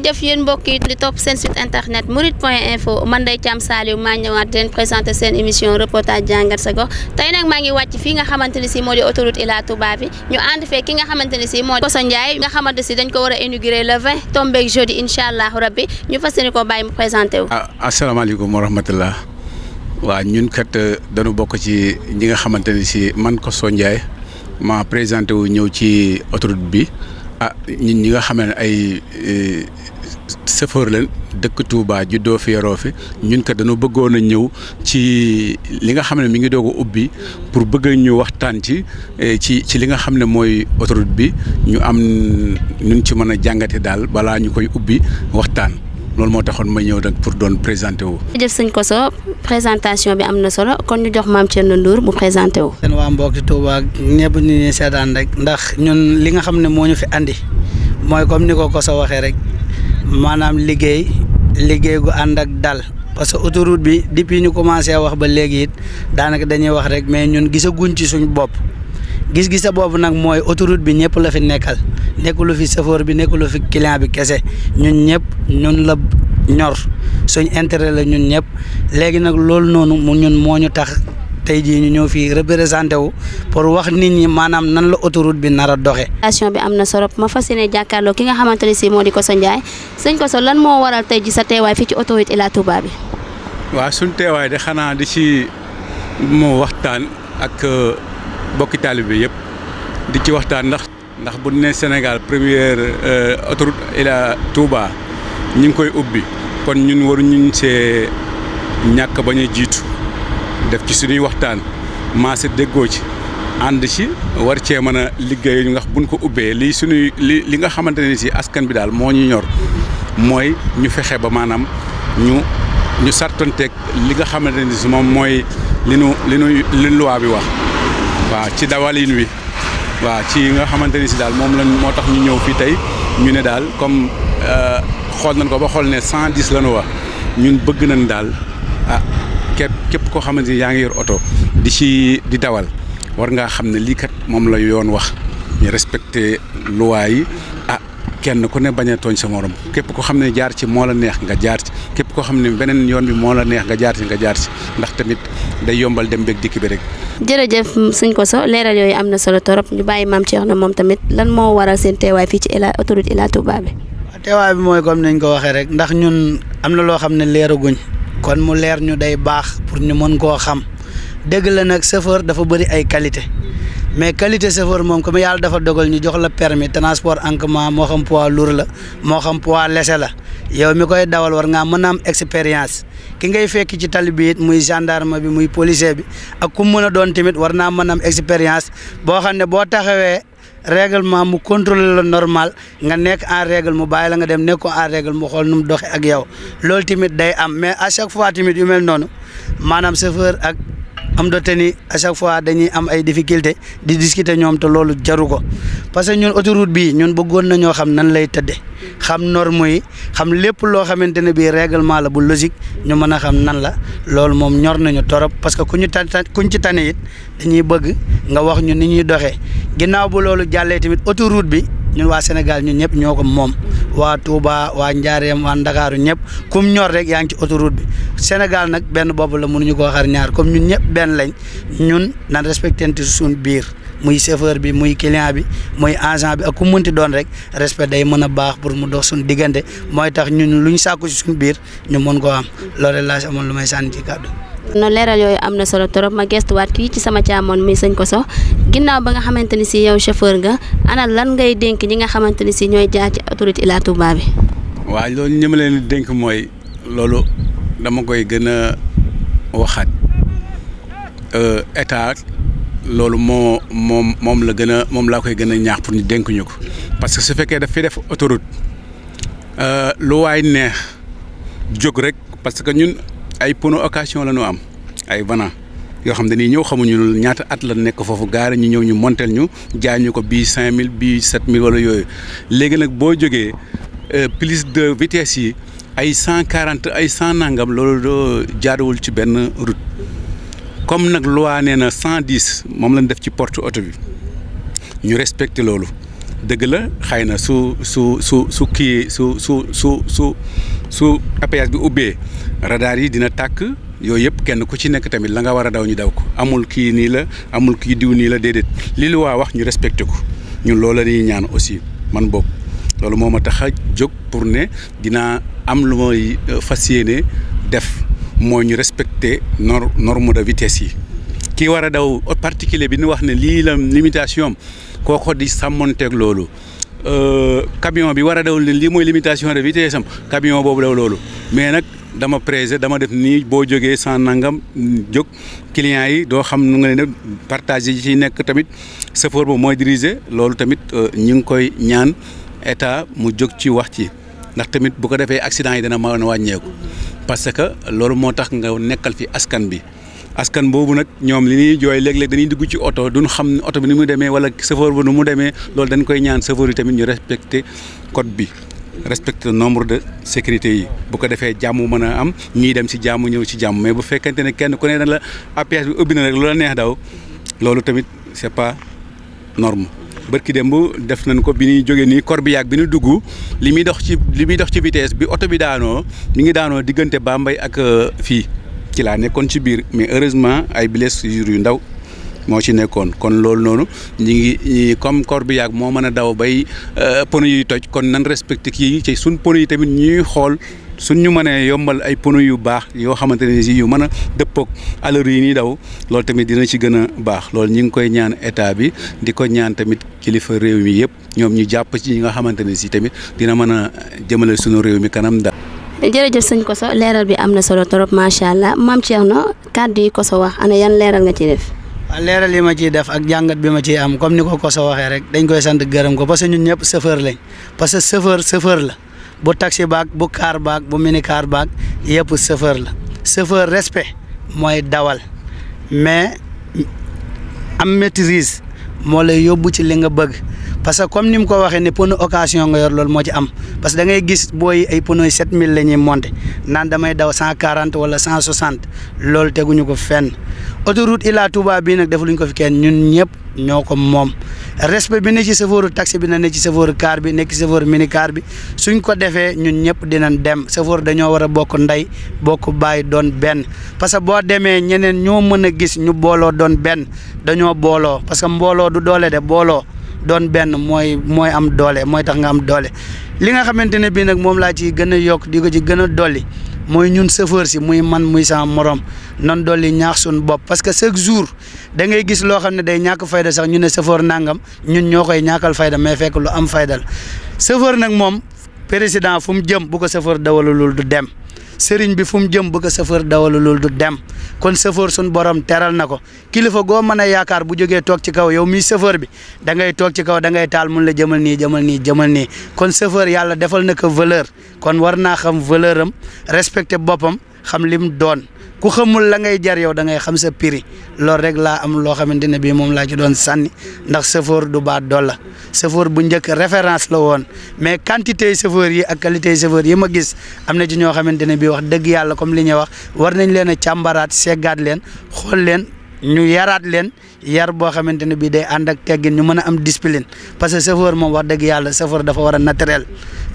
ngeen yéen mbokk yi di topp seen site internet murit point info man day Thiam Saliou maa ñëwaat di seen émission reportage jàngat sa tey nag maa ngi wàcc fii nga xamante ne si moo di autoroute Ila Touba bi ñu ànd fee ki nga xamante ne si moo di Koso Ndiaye nga xamante si dañ ko war a inauguré le 20 tombeeg jeudi incha allah rabbi ñu fas ko bàyyi mu présenté wu. Ah, asalaamaaleykum wa rahmatullah waa ñun kat euh, dañu bokk ci ñi nga xamante ne si man ko Koso Ndiaye ma présenté wu ñëw ci autoroute bi. ah ñi nga xam ne ay euh, sëfoor leen dëkk Touba juddoo fi yaroo fi ñun kat dañu bëggoon a ñëw ci li nga xam ne mu ngi doog a ubbi pour bëgg ñu waxtaan ci e, ci ci li nga xam ne mooy autoroute bi ñu am ñun ci mën a jàngate daal balaa ñu koy ubbi waxtaan loolu moo taxoon ma ñëw nag pour doon présenté wu. jërëjëf sëñ Koso présentation bi am na solo kon ñu jox maam Thierno Ndour mu présenté wu. seen waa ñu ñuy rek ndax ñun li nga xam ne moo ñu fi andi mooy comme ni ko Koso waxee rek. maanaam liggéey liggéey gu ànd ak dal parce que autoroute bi depuis ñu commencé wax ba léegi it daanaka dañuy wax rek mais ñun gisaguñ ci suñ bopp gis-gisa boobu nag mooy autoroute bi ñëpp la fi nekkal nekkulu fi chauffeur bi nekkulu fi client bi kese ñun ñëpp ñun la ñor suñ intérêt la ñun ñëpp léegi nag loolu noonu mu ñun moo ñu tax tey jii ñu ñëw fii représenté wu pour wax nit ñi maanaam nan la autoroute bi nar a doxee. station bi am na solo ma fas yéene jàkkaarloo ki nga xamante ne si moo di Koso Ndiaye sëñ Koso lan moo waral tey ji sa teewaay fii ci autoroute Ila Touba suñ teewaay de xanaa di ci mu waxtaan ak euh, bokki taalibe yëpp di ci waxtaan ndax ndax bu Sénégal première euh, autoroute Ila Touba ñu ngi koy ubbi kon ñu ñun waruñu see ñàkk ba ñuy jiitu. def ci suñuy waxtaan maase déggoo ci ànd ci war cee mën a liggéey ñu nga buñ ko ubbee lii suñuy li li xamante ne si askan bi daal moo ñu ñor mooy ñu fexe ba maanaam ñu ñu sartonteeg li nga xamante ne si moom mooy li nu li nu li luwaa bi wax waaw ci dawalin wi waaw ci nga xamante ni si daal moom lañ moo tax ñu ñëw fii tey ñu ne daal comme euh, xool nañ ko ba xool ne 110 la ñu wax ñun bëgg nañ daal ah, képp koo xamante ni yaa ngi yor oto di ci di dawal war ngaa xam ne lii kat moom la yoon wax ñu respecté loi yi ah kenn ku ne bañ a tooñ sa moroom képp ko xam ne jaar ci moo la neex nga jaar ci képp koo xam ne beneen yoon bi moo la neex nga jaar ci nga jaar ci ndax tamit day yombal dem beeg dikk bi rek. jërëjëf sëñ Koso leeral yooyu am na solo torop ñu bàyyi maam na moom tamit lan moo waral seen teewaay fii ci Ila autoroute Ila Touba bi. teewaay bi mooy comme nañ ko waxee rek ndax ñun am na loo xam ne leeraguñ kon mu leer ñu day baax pour ñu mën koo xam dëgg la nag chauffeur dafa bëri ay qualité mais qualité chauffeur moom comme yàlla dafa dogal ñu jox la permis transport en commun moo xam poids lur la moo xam poids léger la yow mi koy dawal war ngaa mën a am expérience ki ngay fekk ci tali bi it muy gendarme bi muy policier bi ak ku mën a doon tamit war naa mën am expérience boo xam ne boo taxawee réglement mu contrôler la normal nga nekk en règle mu bàyyi la nga dem nekkoo en régle mu xool nu mu doxee ak yow loolu tamit day am mais à chaque fois tamit yu mel noonu maanaam chauffeur ak. am doonte ni à chaque fois dañuy am ay difficulté di discuter ñoom te loolu jaru ko parce que ñun autoroute bii ñun bëggoon ñoo xam nan lay tëdde xam norme yi xam lépp loo xamante ne bii règlement la bu logique ñu mën a xam nan la loolu moom ñor nañu torop parce que ku ñu tan kuñ ci tane it dañuy bëgg nga wax ñu ni ñuy doxee ginnaaw bu loolu jàllee tamit autoroute bi ñun waa Sénégal ñun ñëpp ñoo ko moom waa Touba waa Njaareem waa Ndakaaru ñëpp kum ñor rek yaa ngi ci autoroute bi Sénégal nag benn bopp la mënuñu ko xar ñaar comme ñun ñëpp benn lañ ñun nan respectante suñ biir muy chauffeur bi muy client bi muy agent bi ak ku mënti doon rek respect day mën a baax pour mu dox suñ diggante mooy tax ñun lu ñu sàkku si suñ biir ñu mën koo am loolu laa si lu may sànni ci kàddu noonu leeral yooyu am na solo trop ma gestuwaat kii ci sama caamoon muy sañ ko sox ginnaaw ba nga xamante ni si yow chauffeur nga ana lan ngay dénk ñi nga xamante ni si ñooy jaar ci autorité Ila Touba bi. waaw loolu ñi ma leen dénk mooy loolu dama koy gën a waxaat euh, état loolu moo moom moom la gën a moom laa koy gën a ñaax pour ñu dénk ko parce que su fekkee dafay fi def autoroute euh, lu waay neex jóg rek parce que ñun ay pono occasion la ñu am ay vana yoo xam ne dañuy ñëw xamuñu ñaata at la nekk foofu gaare ñu ñëw ñu monteel ñu jaay ñu ko bii cinq mille bii sept mille wala yooyu léegi nag boo jógee euh, plus de vitesse yi ay cent quarante ay cent nangam loolu doo jaaduwul ci benn route comme nag loi nee na cent dix moom lañ def ci porte oto bi ñu respecté loolu dëgg la xëy na su su su su kii su su su su su péage bi ubbee radar yi dina tàkk yooyu yëpp kenn ku ci nekk tamit la nga war a daw ñu daw ko amul kii nii la amul kii diw nii la déedéet lii lu waa wax ñu respecté ko ñu loolu la ñaan aussi man boobu. loolu moom ma tax a jóg pour ne dinaa am lu may euh, fas yéene def moo ñu respecter nor norme de vitesse yi ki war a daw particulier bi nu wax ne lii la limitation kooko di sàmmonteeg loolu euh, camion bi war a daw lii mooy limitation de vitesse am camion boobu daw loolu mais nag dama pressé dama def nii boo jógee sans nangam jóg clients yi doo xam nu nga leen ne partage yi ci nekk tamit chauffeur boobu mooy diriger loolu tamit euh, ñu ngi koy ñaan état mu jóg ci wax ci ndax tamit bu ko defee accident yi dana mën a wàññeeku parce que loolu moo tax nga nekkal fi askan bi askan boobu nag ñoom li ñuy jooy léeg-léeg dañuy diggu ci oto duñu xam oto bi ni mu demee wala chauffeur bu nu mu demee loolu dañ koy ñaan chauffeur yi tamit ñu respecté code bi respecté nombre de sécurité yi bu ko defee jàmm mën a am ñuy dem si jàmm ñëw ci jàmm mais bu fekkente ne kenn ku ne na la APS bi ubbi na rek loola neex daw loolu tamit c'est pas norme bërki démb def nañ ko bi ñuy jógee nii Corbière bi ñu dugg li muy dox ci li muy dox ci vitesse bi oto bi daanoo mi ngi daanoo diggante Bambey ak euh, fii ci laa nekkoon ci biir mais heureusement ay blessures yu ndaw moo ci nekkoon kon loolu noonu ñi ngi comme Corbière moo mën a daw bay euh, pono yi toj kon nan respecte kii ci suñ pono yi tamit ñuy xool. suñ ñu mënee yombal ay pneu yu baax yoo xamante ne si yu mën a dëppoog allure yi ñuy daw loolu tamit dina ci gën a baax loolu ñu ngi koy ñaan état bi di ko ñaan tamit kilifa réew mi yëpp ñoom ñu jàpp ci ñi nga xamante ne si tamit dina mën a jëmale suñu réew mi kanam daal. jërëjëf sëñ Koso leeral bi am na solo trop macha allah maam Thierno kàddu yi Koso wax ana yan leeral nga ci def. leeral yi ma ciy def ak jàngat bi ma ciy am comme ni ko Koso waxee rek dañ koy sant gërëm ko parce que ñun ñëpp chauffeur lañ parce que chauffeur chauffeur la. bu taxi baag bu kaar baag bu mini kaar baag yëpp chauffeur la chauffeur respect mooy dawal mais am maîtrise moo lay yóbbu ci li nga bëgg parce que comme ni mu ko waxee ne pneu occasion nga yor loolu moo ci am parce que da gis boo ay pneu yi 7000 la ñuy monter naan damay daw 140 wala 160 loolu teguñu ko fenn autoroute Ila Touba bii nag defaluñ ko fi kenn ñun ñëpp. ñoo ko moom respe bi ne ci chauffeur taxi bi na ne ci chauffeur car bi nekk ci chauffeur mini car bi suñ ko defee ñun ñëpp dinañ dem chauffeur dañoo war a bokk ndey bokk bàyyi doon benn parce que boo demee ñeneen ñoo mën a gis ñu booloo doon benn dañoo booloo parce que mbooloo du doole de booloo doon benn mooy mooy am doole mooy tax nga am doole li nga xamante ne bii nag moom laa ci gën a yokk di ko ci gën a dolli mooy ñun chauffeur si muy man muy sama morom nan doole ñaax suñu bopp parce que chaque jour da gis loo xam ne day ñàkk fayda sax ñu ne chauffeur nangam ñun ñoo koy ñàkkal fayda mais fekk lu am fayda la chauffeur nag moom président fu mu jëm bu ko chauffeur dawalulul du dem sëriñ bi fu mu jëm bëgg a chauffeur dawalu loolu du dem kon chauffeur suñ borom teral na ko kilifa goo mën a yaakaar bu jógee toog ci kaw yow mii chauffeur bi dangay toog ci kaw da ngay taal mun la jëmal nii jëmal nii jëmal nii kon chauffeur yàlla defal na ko valeur kon war naa xam valeur am respecté boppam xam lim doon ku xamul la ngay jar yow da ngay xam sa prix loolu rek laa am loo xamante ne bii moom laa ci doon sànni ndax chauffeur du baat dool la chauffeur bu njëkk référence la woon mais quantité chauffeur yi ak qualité chauffeur yi ma gis am na ci ñoo xamante ne bii wax dëgg yàlla comme li ñuy wax war nañ leen a càmbaraat seggaat leen xool leen ñu yaraat leen yar boo xamante ne bii day ànd ak teggin ñu mën a am discipline parce que chauffeur moom wax dëgg yàlla chauffeur dafa war a naturel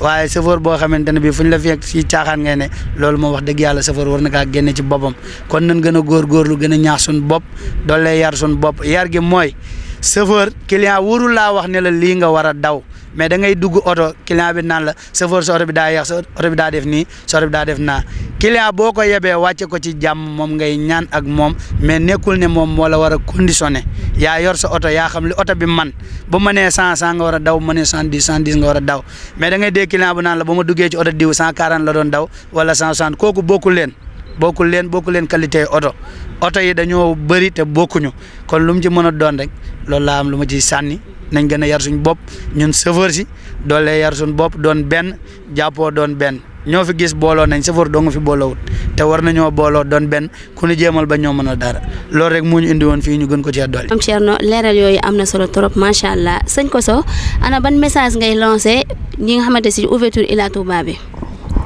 waaye chauffeur boo xamante ne bii fu ñu la fekk fii caaxaan ngay ne loolu moom wax dëgg yàlla chauffeur war na kaa génne ci boppam kon nañ gën a góorgóorlu gën a ñaax suñu bopp doole yar suñu bopp yar gi mooy chauffeur client wóorul laa wax ne la lii nga war a daw mais da ngay dugg oto client bi naan la chauffeur sa oto bi daa yeex sa oto bi daa def nii sa oto bi daa def naa client boo ko yebee wàcce ko ci jàmm moom ngay ñaan ak moom mais nekkul ne moom moo la war a conditionné yaa yor sa oto yaa xam li oto bi man bu mënee cent cent nga war a daw bu mënee cent dix cent dix nga war a daw mais da ngay dégg client bu naan la ba ma duggee ci oto diw cent quarante la doon daw wala cent soixante kooku bokkul leen bokkul leen bokkul leen qualité oto oto yi dañoo bëri te bokkuñu kon lu mu ci mën a doon rek loolu laa am lu ma ciy sànni nañ gën a yar suñ bopp ñun chauffeur si doolee yar suñ bopp doon benn jàppoo doon benn ñoo fi gis booloo nañ chauffeur doo nga fi boolowut te war nañoo booloo doon benn ku ñu jéemal ba ñoo mën a dara loolu rek moo ñu indi woon fii ñu gën ko cee dolli. am Thierno leeral yooyu am na solo trop macha allah sëñ Koso ana ban message ngay lancé ñi nga xamante si ouverture Ila Touba bi.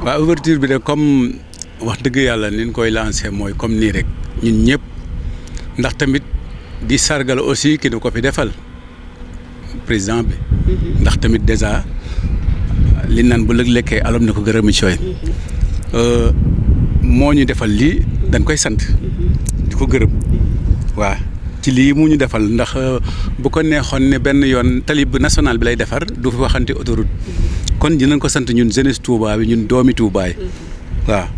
waaw ouverture bi de comme. wax dëgg yàlla ni ñu koy lancé mooy comme nii rek ñun ñëpp ndax tamit di sargal aussi ki nu ko fi defal président bi. ndax tamit dèjà li naan bu lëg lekkee alom ne ko gërëm ci sooy euh, moo ñu defal lii dañ koy sant. di ko gërëm waa ci lii mu ñu defal ndax euh, bu ko neexoon ne benn yoon talib national bi lay defar du fi waxante autoroute kon dinañ ko sant ñun jeunesse Touba bi ñun doomi Touba yi mm-hmm.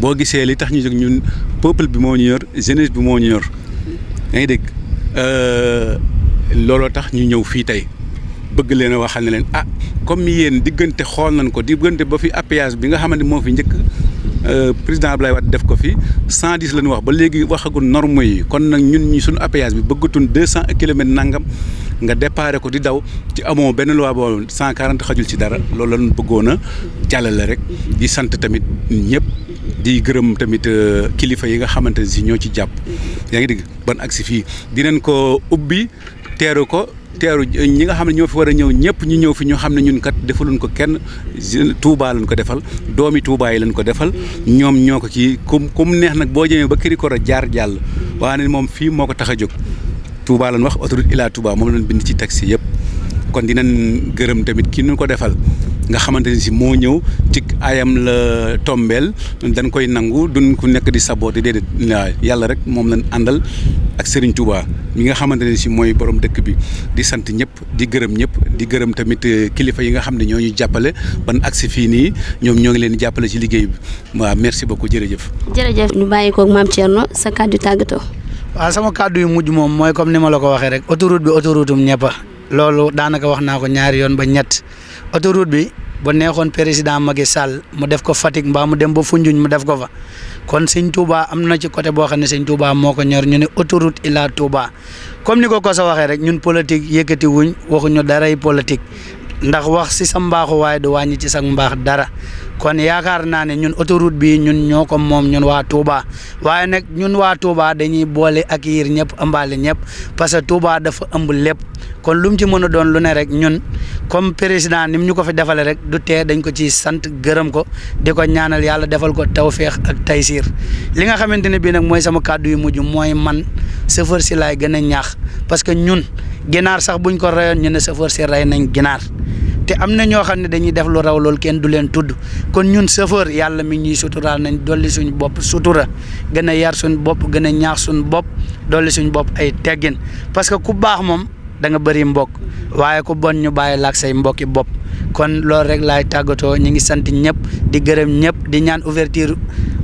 boo gisee li tax ñu jóg ñun peuple bi moo ñu yor jeunesse bi moo ñu yor yaa ngi dégg euh, looloo tax ñu ñëw fii tey bëgg leen a waxal ne leen ah comme yéen diggante xool nañ ko di diggante ba fi appuyage bi nga xamante moo fi njëkk euh, président Ablaye Wade def ko fi 110 la ñu wax ba léegi waxagul norme yi kon nag ñun ñi suñu appuyage bi bëggatun 200 kilomètres nangam nga déparé ko di daw ci amoo benn loi boobu 140 xajul ci dara loolu la ñu bëggoon a jàllale rek di sant tamit ñëpp. di gërëm tamit euh, kilifa yi nga xamante ne si ñoo ci jàpp. Mm-hmm. yaa ngi dégg ban agsi fii dinañ ko ubbi teeru ko. teeru ñi nga xam ne ñoo fi war a ñëw ñëpp ñu ñëw fi ñu xam ne ñun kat defaluñ ko kenn Touba lañ ko defal doomi Touba yi lañ ko defal mm-hmm. ñoom ñoo ko kii kum kum neex nag boo jëmee ba Kirikoro jaar jàll mm-hmm. waa ne moom fii moo ko tax a jóg Touba lañ wax autoroute Ila Touba moom lañ bind ci taxi yëpp kon dinañ gërëm tamit ki nu ko defal nga xamante ni si moo ñëw ci ayam la tombeel dañ koy nangu duñ ku nekk di saboote déedéet waaw yàlla rek moom lañ àndal ak sëriñ Touba mi nga xamante ne si mooy borom dëkk bi di sant ñëpp di gërëm ñëpp di gërëm tamit euh, kilifa yi nga xam ne ñoo ñu jàppale ban agsi fii nii ñoom ñoo ngi leen di jàppale si liggéey bi waa merci beaucoup jërëjëf. jërëjëf ñu bàyyi koog maam Thierno sa kàddu tàggatoo. waaw sama kàddu yu mujj moom mooy comme ni ma la ko waxee rek autoroute bi autoroute loolu daanaka wax naa ko ñaari yoon ba ñett autoroute bi ba neexoon président Macky Sall mu def ko Fatick mbaa mu dem ba Foundiougne mu def ko fa kon sëñ Touba am na ci côté boo xam ne sëñ Touba moo ko ñor ñu ne autoroute Ila Touba comme ni ko Kosa waxee rek ñun politique yëkkati wuñ waxuñu daray politique ndax wax si sa mbaaxu waaye du wàññi ci sa mbaax dara. kon yaakaar naa ne ñun autoroute bi ñun ñoo ko moom ñun waa Touba waaye nag ñun waa Touba dañuy boole ak yiir ñëpp ëmbaale ñëpp parce que Touba dafa ëmb lépp kon lu mu ci mën a doon lu ne rek ñun comme président ni mu ñu ko fi defalee rek du tee dañ ko ci sant gërëm ko di ko ñaanal yàlla defal ko tawféex ak taysiir li nga xamante ne bii nag mooy sama kàddu yu mujj mooy man chauffeur si laay gën a ñaax parce que ñun ginaar sax buñ ko rayoon ñu ne chauffeur si rey nañ ginaar te am na ñoo xam ne dañuy def lu raw loolu kenn du leen tudd kon ñun chauffeur yàlla mi ñuy suturaal nañ dolli suñu bopp sutura gën a yar suñu bopp gën a ñaax suñu bopp dolli suñu bopp ay teggin parce que ku baax moom da nga bëri mbokk waaye ku bon ñu bàyyi laak say mbokki bopp kon loolu rek laay tàggatoo ñu ngi sant ñëpp di gërëm ñëpp di ñaan ouverture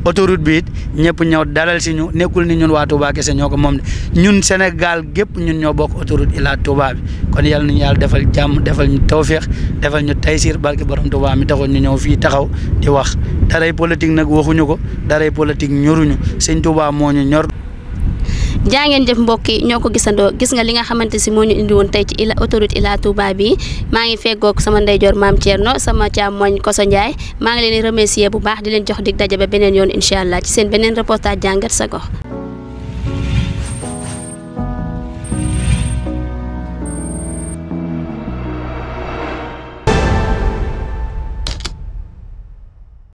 autoroute bi it ñëpp ñëw dalal si ñu nekkul ni ñun waa Touba kese ñoo ko moom de ñun Sénégal gépp ñun ñoo bokk autoroute Ila Touba bi kon yàlla nañu yàlla defal jàmm defal ñu tawféex defal ñu taysir barke borom Touba mi taxoon ñu ñëw fii taxaw di wax daray politique nag waxuñu ko daray politique ñoruñu sëñ Touba moo ñu ñor. jaa ngeen jëf mbokk yi ñoo ko gisandoo gis nga li nga xamante si moo ñu indi woon tey ci ila autoroute Ila Touba bi maa ngi feggoog sama ndeyjoor maam Thierno sama càmmoñ Koso Ndiaye maa ngi leen di remercier bu baax di leen jox di daje ba beneen yoon incha allah ci seen beneen reportage jàngat sa ko